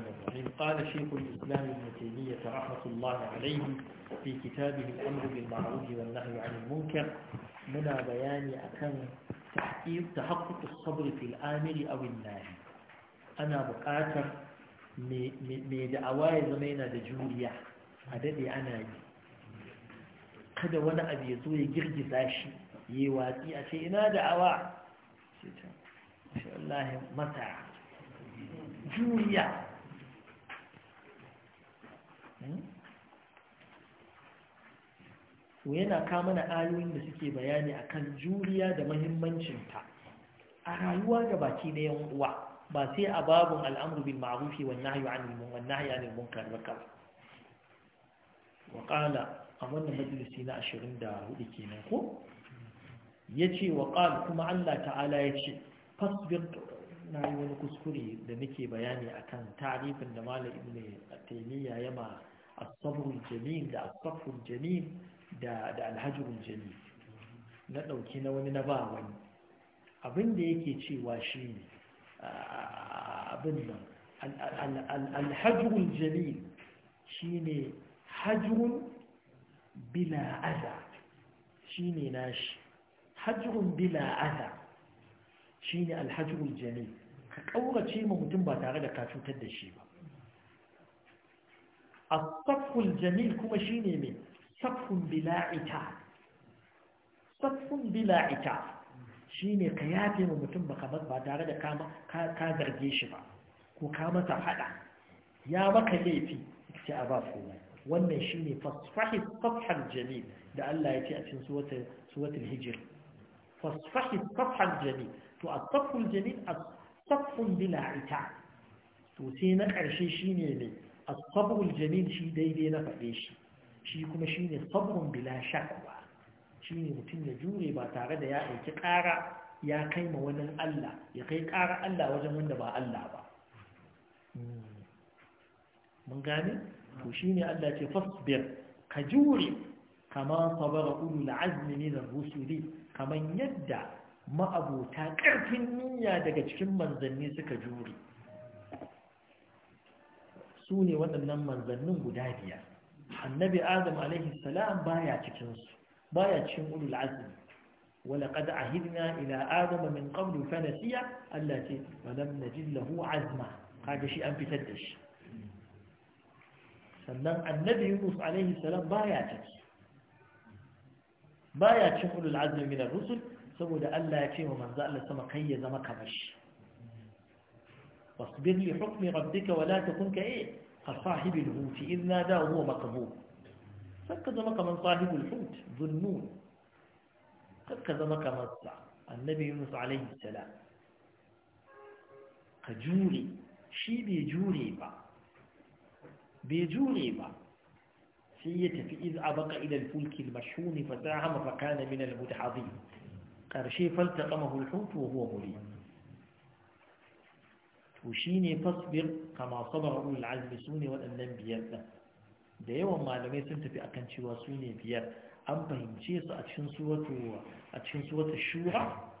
الرحمن الرحيم قال شيخ الإسلام ابن تيمية رحمة الله عليه في كتابه الأمر بالمعروف والنهي عن المنكر منا بيان أكن تحقيق تحقق الصبر في الآمر أو الناهي أنا بقاتل mai da'awa ya zama yana da juriya a daɗe ana yi kada wani abu ya zo ya girgiza shi yi watsi a ce ina da'awa shi Allah mata juriya Hmm? to yana kama na ayoyin da suke bayani akan juriya da mahimmancinta a rayuwa ga baki na yan uwa ba sai a babun al'amru bin ma'arufi wan nahyi 'anil munkar ba wa a wannan majalisi na 24 kenan ko ya ce waƙala kuma Allah ta'ala ya ce fasbir na yi wani kuskure da nake bayani akan tarifin da malam ibnu taymiya ya ma asabrul jamil da asafrul jamil da da alhajrul na dauki na ba wani abin da yake cewa shine abin nan alhajrul jamil shine hajrun bila adha shine nashi hajrun bila adha shine alhajrul jamil ka kaurace ma mutum ba tare da ka cutar da shi ba as-saful jamil kuma shi ne mai bila bila'ita, safun bila'ita shi ne ka yafe ma mutum baka ba tare da ka zarge shi ba ko ka masa fada ya maka laifi sai a ba komai wannan shine fasfahi safhal jamil da Allah ya ce a cikin suratul suratul hijr fasfahi safhal jamil to a safhul jamil as-safhun bila to sai na ƙarshe shi ne mai. as-sabrul jamil shi daidai na faɗe shi shi kuma shine sabrun bila shakwa shine mutum ya jure ba tare da ya aiki ƙara ya kai ma wani Allah ya kai ƙara Allah wajen wanda ba Allah ba mun gane to shine Allah ce fasbir ka jure kama sabara ulul azmi min ar-rusuli kaman yadda ma'abota ƙarfin niyya daga cikin manzanni suka jure su ne waɗannan manzannin guda biyar annabi adam alaihi salam baya cikinsu baya cikin ulul azmi ahidna ila min qabl fa nasiya allati wa lam najid lahu azma له shi an fitar da shi sannan annabi yunus alaihi salam baya cikin baya cikin ulul azmi min ar-rusul saboda Allah ya ce wa manzo Allah sama kai ya zama kamar shi wasbir li hukmi rabbika wa la takun ka كصاحب الحوت إذ ناداه هو مكذوب فكذا من صاحب الحوت ظنون فكذا مكمن النبي يونس عليه السلام قجوري شي بيجوري با بيجوري با سيتفي إذ أبقى إلى الفلك المشحون فساهم فكان من المتحضين قال شي فالتقمه الحوت وهو مريض وشيني فاصبر كما صبر أول العزم سوني والأنم بيارده ده يوم معلومة سنت في أكن شوا سوني بيار أم بهم شيء أتشن سوة أتشن سوة الشورى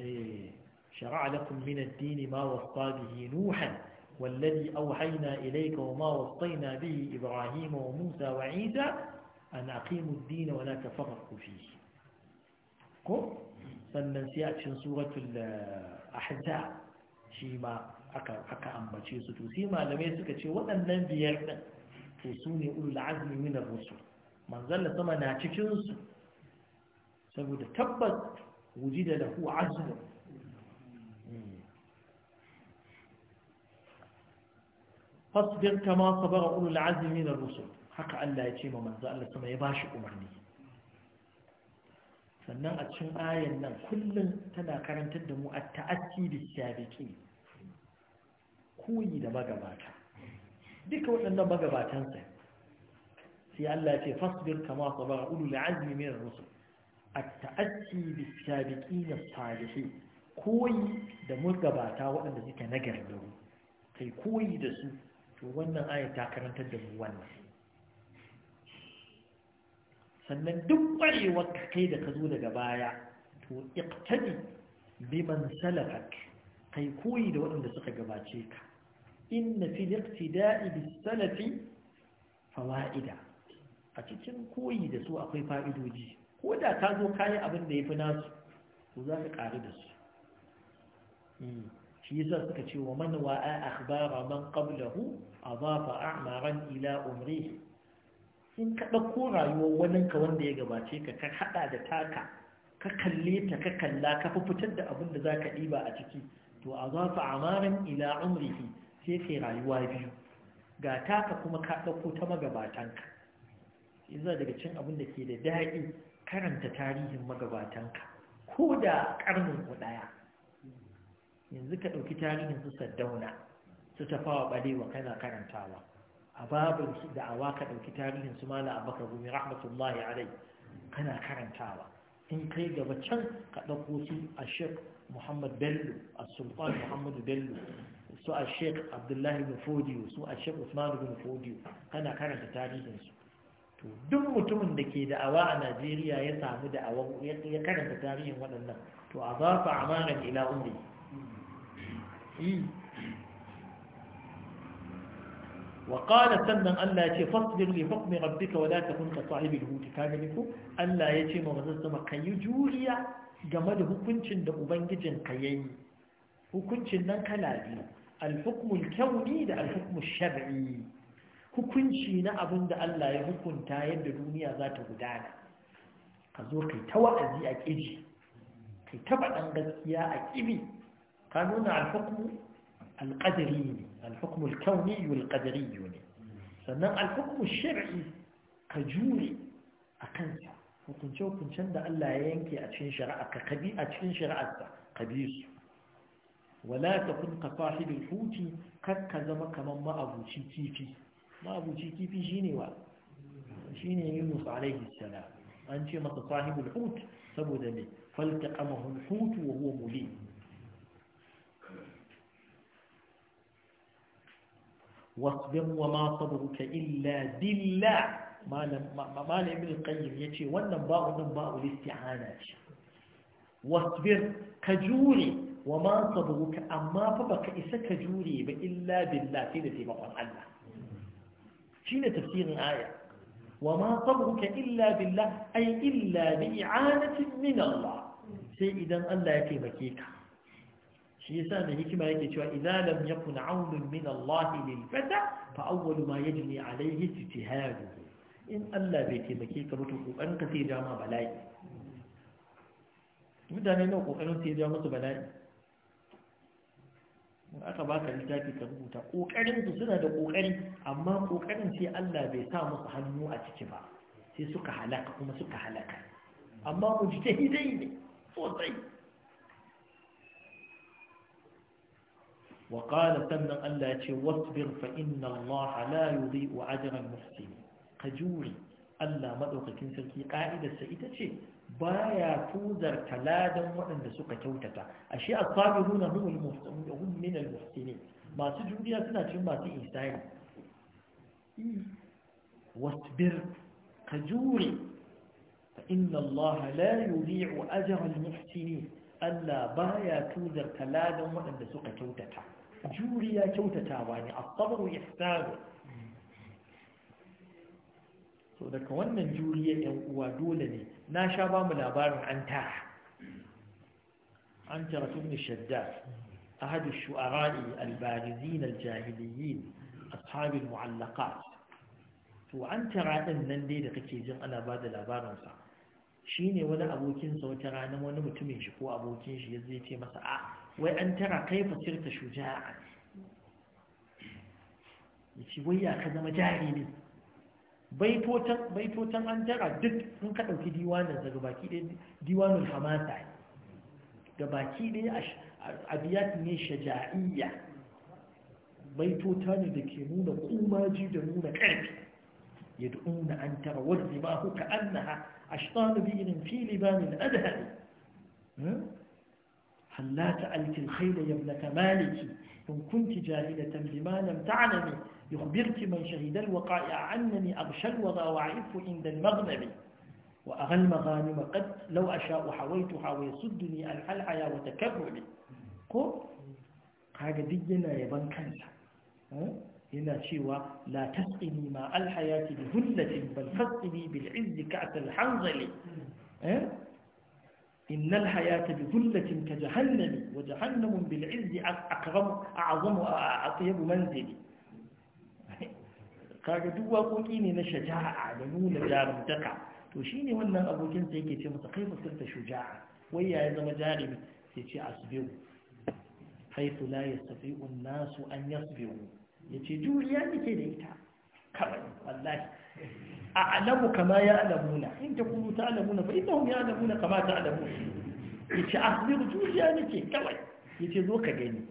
إيه. شرع لكم من الدين ما وصى به نوحا والذي أوحينا إليك وما وصينا به إبراهيم وموسى وعيسى أن أقيموا الدين ولا تفرقوا فيه كم فمن سيأتشن سورة الأحزاب شيما aka ambace su to sai malamai suka ce waɗannan biyar ɗin to su ne ulul azmi min ar-rusul manzon sama na cikin su saboda tabbas wujida lahu azm fasbir kama sabara ulul azmi min ar-rusul haka Allah ya ce ma manzon Allah sama ya bashi umarni sannan a cikin ayan nan kullum tana karantar da mu at-ta'assi bis-sabiqin koyi da magabata duka waɗannan magabatansa sai Allah ce fasbir kama sabara ulul azmi min rusul at-ta'assi bis-sabiqin as-salihin koyi da magabata waɗanda suke nagardaru kai koyi da su to wannan aya ta karantar da mu wannan sannan duk ƙwarewar ka kai da ka zo daga baya to iqtadi biman salafak kai koyi da waɗanda suka gabace ka inna fi liqtida'i bis salafi fawaida a cikin koyi da su akwai fa'idoji ko da ka zo kayi abin da yafi nasu to za ka ƙari da su shi yasa suka ce wa man wa'a akhbara man qablahu adafa a'maran ila umrihi in ka ɗauko rayuwar waninka wanda ya gabace ka ka haɗa da taka ka kalle ta ka kalla ka fi fitar da abin da za ka ɗiba a ciki to a za su ila umrihi sai yi rayuwa biyu ga taka kuma ka ɗauko ta magabatanka iza daga cin abin da ke da daɗi karanta tarihin magabatanka ko da ƙarnin ku ɗaya yanzu ka ɗauki tarihin su saddauna su tafawa ɓalewa kana karantawa a babin da'awa ka ɗauki tarihin su mala abakar gumi rahmatullahi alai kana karantawa in kai gaba can ka ɗauko su a shek muhammad bello a sulfan muhammadu bello su a sheik abdullahi bin su a sheik usman bin fodiyo kana karanta tarihinsu to duk mutumin da ke da'awa a najeriya ya samu da'awa ya karanta tarihin waɗannan to a za su amaran ila umri وقال سنن الله يتي فاصبر لحكم ربك ولا تكن كصاحب الهوت كاملكو الله يتي ما ka yi juriya game da hukuncin da ubangijin ka yayi hukuncin nan kala biyu alhukumul kyauni da alhukumul shar'i hukunci na abin da Allah ya hukunta yadda duniya za ta gudana ka zo kai ta wa'azi a ƙiji kai ta faɗan gaskiya a ƙibi ka nuna alƙadari ne alhukumul kyauni alƙadari ne sannan alhukumul shar'i ka jure a kansa hukunce-hukuncen da Allah ya yanke a cikin shari'a ka kabi a cikin shari'arsa ka bi su wala kun ka da huti kar ka zama kaman ma'abuci kifi ma'abuci kifi shi ne wa shine Yunus alaihi salam an ce masa sahibul hut saboda ne faltaqamahu al-hut wa huwa mulim واصبر وما صبرك إلا بالله ما ما ابن القيم يجي وانا باء باء الاستعانة ka jure. wa ma sabruka amma fa baka isa ka jure ba illa billah sai da taimakon Allah shine tafsirin aya wa ma sabruka illa billah ay illa bi i'anatin min Allah sai idan Allah ya taimake ka shi yasa da hikima yake cewa idza lam yakun aunun min Allah lil fata fa awwal ma yajni alayhi ijtihadu in Allah bai taimake ka ba to kokarin ka sai dama bala'i mutane nawa kokarin sai ya ja musu bala'i in aka baka littafi ka rubuta kokarin su suna da kokari amma kokarin sai Allah bai sa musu hannu a ciki ba sai suka halaka kuma suka halaka amma mujtahidai ne sosai وقال سنن الله يتي واصبر فإن الله لا يضيء أجر المحسنين كجوري الله مدوكين سلكي قائدة سيدة baya tuzar taladan waɗanda suka kyautata ashe as-sabiruna humul muhsinun min al-muhsinin masu juriya suna cin masu ihsani wasbir ka jure fa inna Allah la yudhi'u ajra al-muhsinin Allah baya tuzar taladan waɗanda suka kyautata juriya kyautatawa ne as ya ihsanu so daga wannan juriyar yan uwa dole ne na sha ba mu labarin an ta an tara tun shaddad أحد الشعراء البارزين الجاهليين to an وعن ترى nan dai da kake jin ana ba da labarin sa shine wani abokin sa wata rana wani mutumin shi ko abokin shi yazo ce masa a wai an tara kai fa sirta shuja'a yace wai ya ka zama jahili baitotan an jara duk sun ka ɗauki diwanin daga baki ɗaya diwanin ne da baki ɗaya a biyat ne shaja'iyya baitota da ke nuna kumaji da nuna ƙarfi يدعون أن تروا الرباه كأنها أشطان بئر في لبان الأدهب هل لا تألت الخيل يا maliki. In kunti كنت جاهلة بما لم يخبرك من شهد الوقائع عنني أغشى الوضى وأعف عند المغنم وأغى المغانم قد لو أشاء حويتها ويسدني عن الحلحيا وتكرمي ko kaga duk yana yaban kansa yana cewa la tasqini ma alhayati bi hullatin bal fasqini bil hanzali inna al hayata bi hullatin ka jahannami wa jahannamun bil izz akram manzili kaga duk waƙoƙi ne na shaja'a da nuna jarumtaka to shi ne wannan abokin sa yake ce masa kai musulta shuja'a wai ya zama jarumi sai ce asbiru haitu la yastati'u an-nasu an yasbiru yace juriya nake da ita kawai wallahi a'lamu kama ya ya'lamuna in takunu ta'lamuna fa innahum ya'lamuna kama ta ta'lamuna yace asbiru juriya nake kawai yace zo ka gani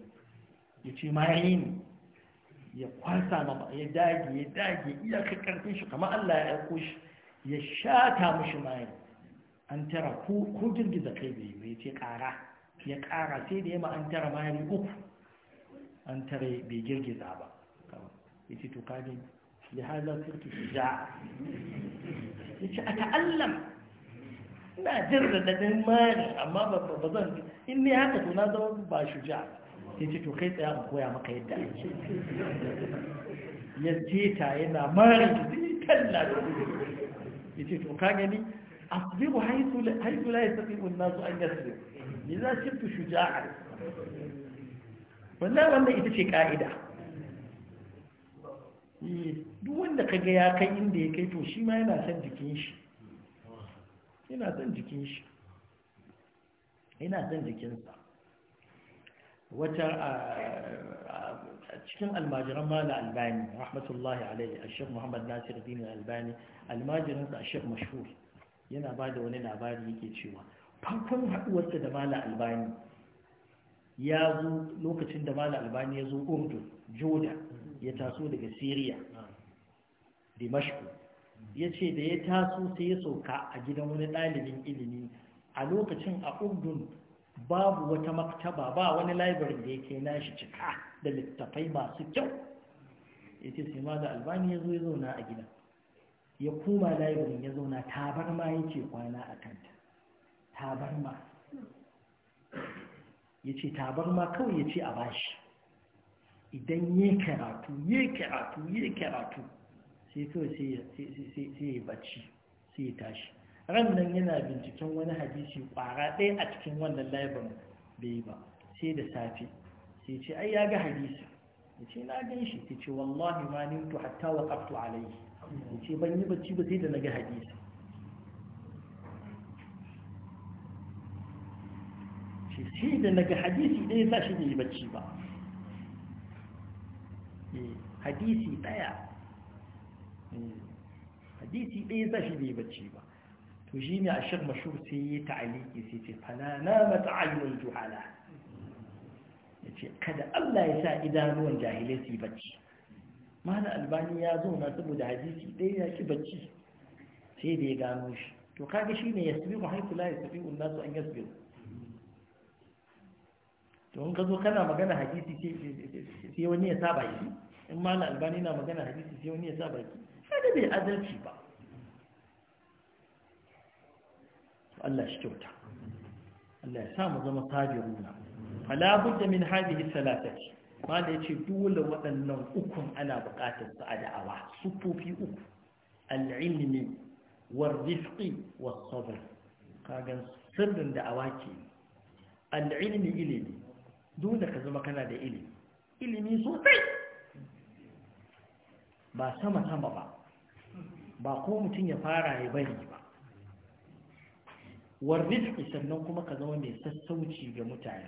yace ma yayi ni ya kwasa ma ya dage ya dage iyakar karfin shi kamar Allah ya aiko shi ya shata mashi mayan an tara ko girgiza kai bai bai ce kara ya kara sai da yamma an tara mayan uku an tara bai girgiza ba ya ce to kaji ya turki ja ya ce a ta'allam ina jin da dadin mayan amma ba zan in ne haka to na zama ba shuja ba sai ce to kai tsaya in koya maka yadda ake ya ta yana mara jini talla da ya ce to ka gani asbiru haitu laye tafi an-nasu an yasbiru ya za shuja a wanda wannan ita ce ka'ida eh, duk wanda ka ya kai inda ya kai to shi ma yana son jikin shi yana son jikin shi yana son jikinsa wata a cikin almajiran mala albani rahmatullahi alaihi shek muhammad nasir din albani a shek mashhur yana ba da wani labari yake cewa farkon haɗuwarsa da mala albani ya zo lokacin da mala albani ya zo urdu joda ya taso daga syria dimashku ya ce da ya taso sai ya sauka a gidan wani ɗalibin ilimi a lokacin a urdun babu wata maktaba ba wani laibarin da yake nashi cika da littafai masu kyau ya ce sai ma da albani ya zo ya zauna a gida ya kuma laibarin ya zauna ma yake kwana a kanta ma ya ce ma kawai ya ce a bashi idan ya karatu ya karatu ya karatu sai kawai sai ya bacci sai ya tashi rannan yana binciken wani hadisi ƙwara ɗaya a cikin wannan labarin bai ba sai da safe sai ce ai ya ga hadisi ya ce na gan shi ta ce wallahi ma nimtu hatta wa ƙaftu alayhi ya ce ban yi bacci ba sai da na ga hadisi ce sai da na ga hadisi ɗaya sa shi da yi bacci ba eh, hadisi ɗaya eh, hadisi ɗaya sa shi da yi bacci ba to shi ne a shir mashur sai yi ta'aliki sai ce fanana mata ainihin juhala ya ce kada Allah ya sa idanuwan jahilai su yi bacci mana albani ya zauna saboda hadisi ɗaya ya ki bacci sai da ya gano shi to kaga shi ne ya sabi mu haiku la ya sabi un nasu an ya sabi to in ka zo kana magana hadisi sai wani ya sa baki in mana albani na magana hadisi sai wani ya sa baki kada bai adalci ba Allah shi kyauta Allah ya sa mu zama sabiruna fala budda min hadhihi salatati ma da yace dole waɗannan ukun ana buƙatar su a da'awa sufofi uku al-ilmi war-rifqi was-sabr kagan sirrin da'awa ke al-ilmi ilimi dole ka zama kana da ilimi ilimi sosai ba sama sama ba ba ko mutum ya fara ya bari ba warrizki sannan kuma ka zama mai sassauci ga mutane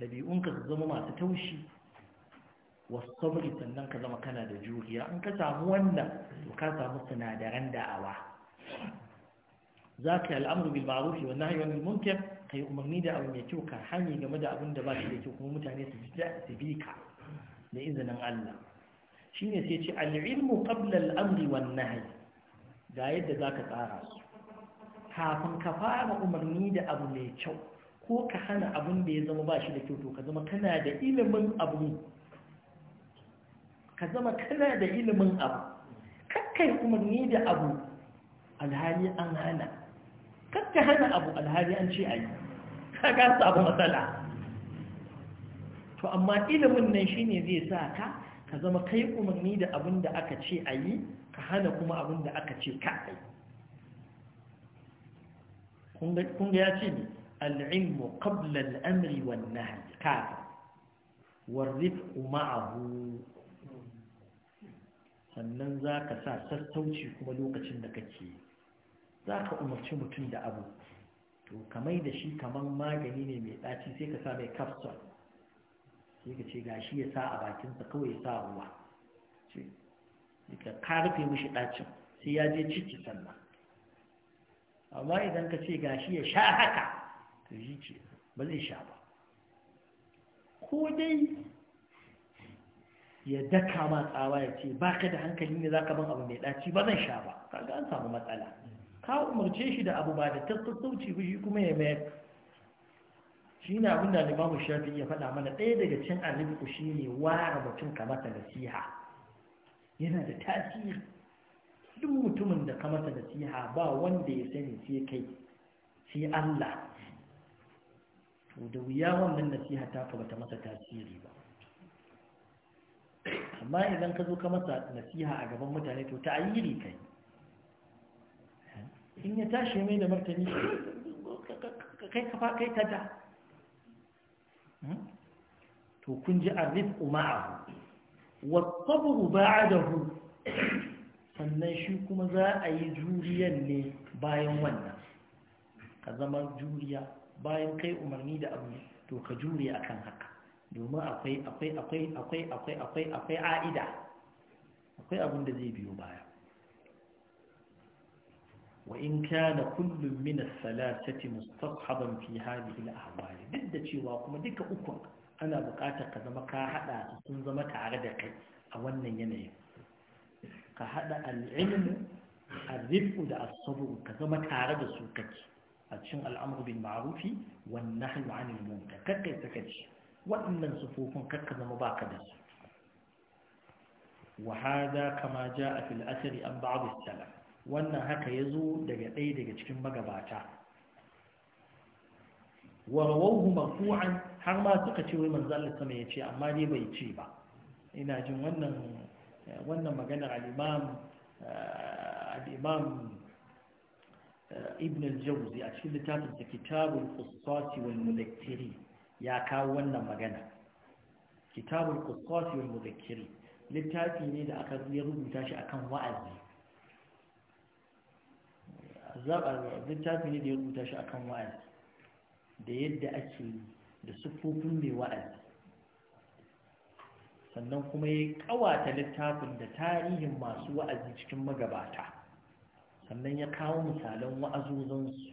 ɗabi'unka su zama masu taushi wasabri sannan ka zama kana da juriya an ka samu wanda su ka samu sinadaran da'awa za ka yi al'amuru bil wannan hanyar munkar ka yi umarni da abu mai kyau ka hanyar game da abin da ba shi da kyau kuma mutane su bi ka da izinin Allah ne sai ce al'ilmu qabla al'amri wan nahyi ga yadda za ka tsara su kafin ka fara umarni da abu mai kyau ko ka hana abin da ya zama ba shi da kyau to ka zama kana da ilimin abu ka zama kana da ilimin abu kakkai umarni da abu alhali an hana kakka hana abu alhali an ce a yi ka gasa abu matsala to amma ilimin nan shine zai sa ka ka zama kai umarni da abin da aka ce a yi ka hana kuma abin da aka ce ka a yi kunga ya ce ne al'ilmu qabla al'amri wannan kafin warrif ma'ahu sannan za ka sa sassauci kuma lokacin da kake za ka umarci mutum da abu to kamai da shi kamar magani ne mai ɗaci sai ka sa mai capsule sai ka ce gashi ya sa a bakinsa kawai ya sa ruwa ka rufe mishi ɗacin sai ya je ciki sannan amma idan ka ce gashi ya sha haka to shi ce ba zai sha ba ko dai ya daka ma tsawa ya ce ba ka da hankali ne za ka ban abu mai ɗaci ba zan sha ba ga an samu matsala ka umarce shi da abu ba da tattattauci fushi kuma ya mayar shi ne abin da limamu shafi ya faɗa mana ɗaya daga cin alifku shi ne ware mutum ka masa nasiha yana da tasiri duk mutumin da ka masa nasiha ba wanda ya sani sai kai sai Allah da wuya wannan nasiha ta fi bata masa tasiri ba amma idan ka zo ka masa nasiha a gaban mutane to ta ayyiri kai in ya tashi mai da martani kai ka kai ta da Hmm? to kun ji arifku ma'ahu wattabu ba'adahu sannan shi kuma za a yi juriyan ne bayan wannan ka zama juriya bayan kai umarni da abu to ka juriya akan haka domin akwai akwai akwai akwai akwai akwai akwai a'ida akwai abin da zai biyo baya وإن كان كل من الثلاثة مستصحبا في هذه الأعمال ضد cewa kuma duka ukun ana buƙatar ka zama ka hada su sun zama tare da kai a wannan yanayin ka hada al-ilm da as ka zama tare da su a cikin waɗannan zama baka da su وهذا كما جاء في الأثر عن بعض السلف wannan haka ya zo daga ɗaya daga cikin magabata warawahu marfu'an har ma suka ce wai manzo Allah sama ya ce amma dai bai ce ba ina jin wannan wannan maganar al-imam eh, al eh, ibn al-jawzi a cikin littafin sa kitabul qussas wal ya kawo wannan magana kitabul qussas wal littafi ne da aka rubuta shi akan wa'azi littafi ne da ya rubuta shi akan wa'azi da yadda ake da siffofin mai wa'azi sannan kuma ya kawata littafin da tarihin masu wa'azi cikin magabata sannan ya kawo misalan wa'azozansu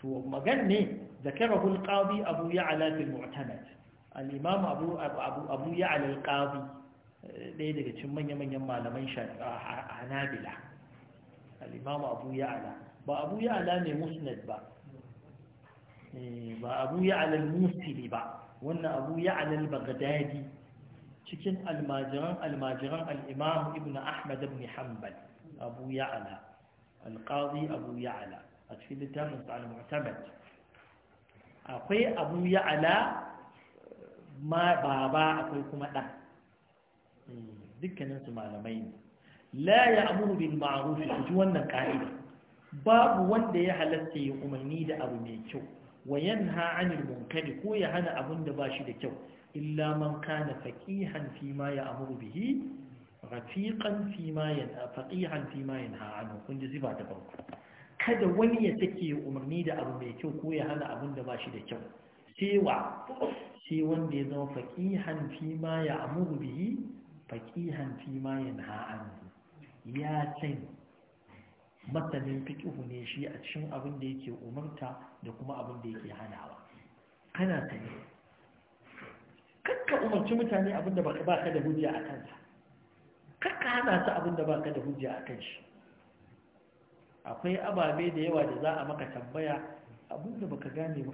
to magan ne ذكره القاضي أبو يعلى في المعتمد الإمام أبو, أبو, ɗaya daga cikin manya-manyan malaman hanabila al'imamu abu ya'ala ba abu ya'ala mai musnad ba eh, ba abu ya'ala musili ba wannan abu ya'ala bagdadi cikin almajiran almajiran al'imamu ibn ahmad ibn hanbal abu ya'ala alƙazi abu ya'ala a cikin littafin al-mu'tamad akwai abu ya'ala ma baba akwai kuma ɗan dukkaninsu malamai ne la ya amuru bin ma'arufi ku ji wannan ka'ida babu wanda ya halatta ya umarni da abu mai kyau wa yanha anil munkari ko ya hana abun da ba shi da kyau illa man kana faqihan fi ma ya amuru bihi rafiqan fi ma ya faqihan fi ma yanha anhu kun ji ziba ta farko kada wani ya take umarni da abu mai kyau ko ya hana abun da ba shi da kyau sai wa sai wanda ya zama faqihan fi ma ya amuru bihi faqihan fi ma yanha an ya can masanin fiqhu ne shi a cikin abin da yake umarta da kuma abin da yake hanawa kana ta ne kakka umarci mutane abin da ba ka da hujja a kansa kakka hana ta abin da ba ka da hujja a kan shi akwai ababe da yawa da za a maka tambaya abin da baka gane ba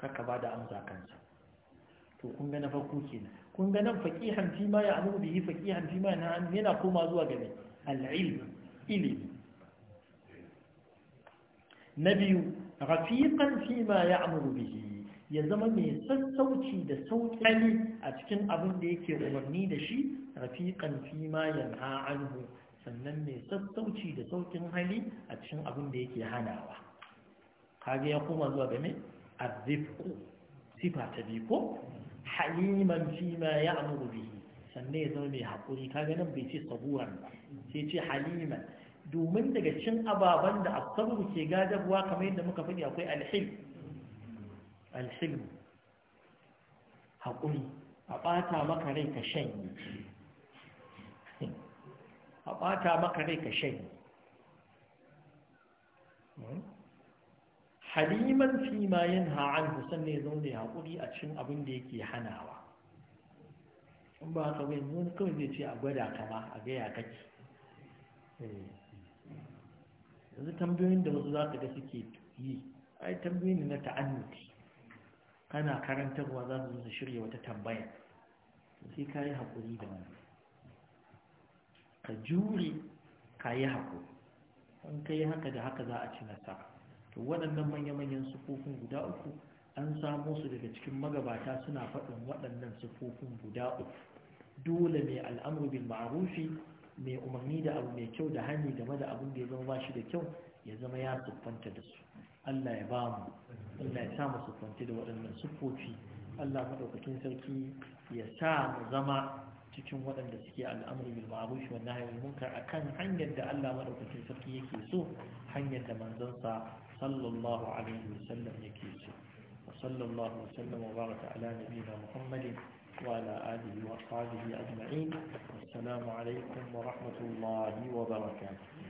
kakka ba da amsa kansa to kun gane farko kenan kun ga nan faqihan fi ma ya'lamu bihi faqihan fi ma ya'lamu yana koma zuwa ga al-ilm ilimi na biyu rafiqan fi ma ya'muru bihi ya zama mai sassauci da sauƙi a cikin abin da yake umarni da shi rafiqan fi ma yanha anhu sannan mai sassauci da sauƙin hali a cikin abin da yake hanawa kage ya koma zuwa ga me azifku sifa ta biyu ko haliman fi ma ya'muru bihi sanne ya zama mai hakuri, kaga nan bai ce saburan ba sai ce haliman domin daga cin ababen da asabu ke gadarwa kamar yadda muka fadi akwai alhil alhil hakuri a ɓata maka rai ka shanye a bata maka rai ka shanye hmm? haliman fi ma yin ha'an sannan ya zaune ya haƙuri a cikin abin da yake hanawa in ba ka bai mun kawai zai ce a gwada ka ba a gaya kake eh. yanzu tambayoyin da wasu za ka ga suke yi ai tambayoyin na ta'annuti kana karantarwa za su su shirya wata tambaya sai ka yi haƙuri da wani ka jure ka yi haƙuri in ka yi haka da haka za a ci nasara to waɗannan manya-manyan sufofin guda uku an samo su daga cikin magabata suna faɗin waɗannan sufofin guda uku dole mai al'amuru bin Ma'arufi, mai umarni da abu mai kyau da hani game da abin da ya zama ba shi da kyau ya zama ya siffanta da su Allah ya bamu Allah ya sa mu siffanta da waɗannan sufofi Allah maɗaukakin sarki ya sa mu zama cikin waɗanda suke al'amari bil ma'ruf wa nahyi anil munkar akan hanyar da Allah madaukakin sarki yake so hanyar da manzonsa sallallahu alaihi wasallam yake so wa sallallahu wasallam wa baraka ala nabiyyina muhammadin wa ala alihi wa ashabihi ajma'in assalamu alaikum wa rahmatullahi wa barakatuh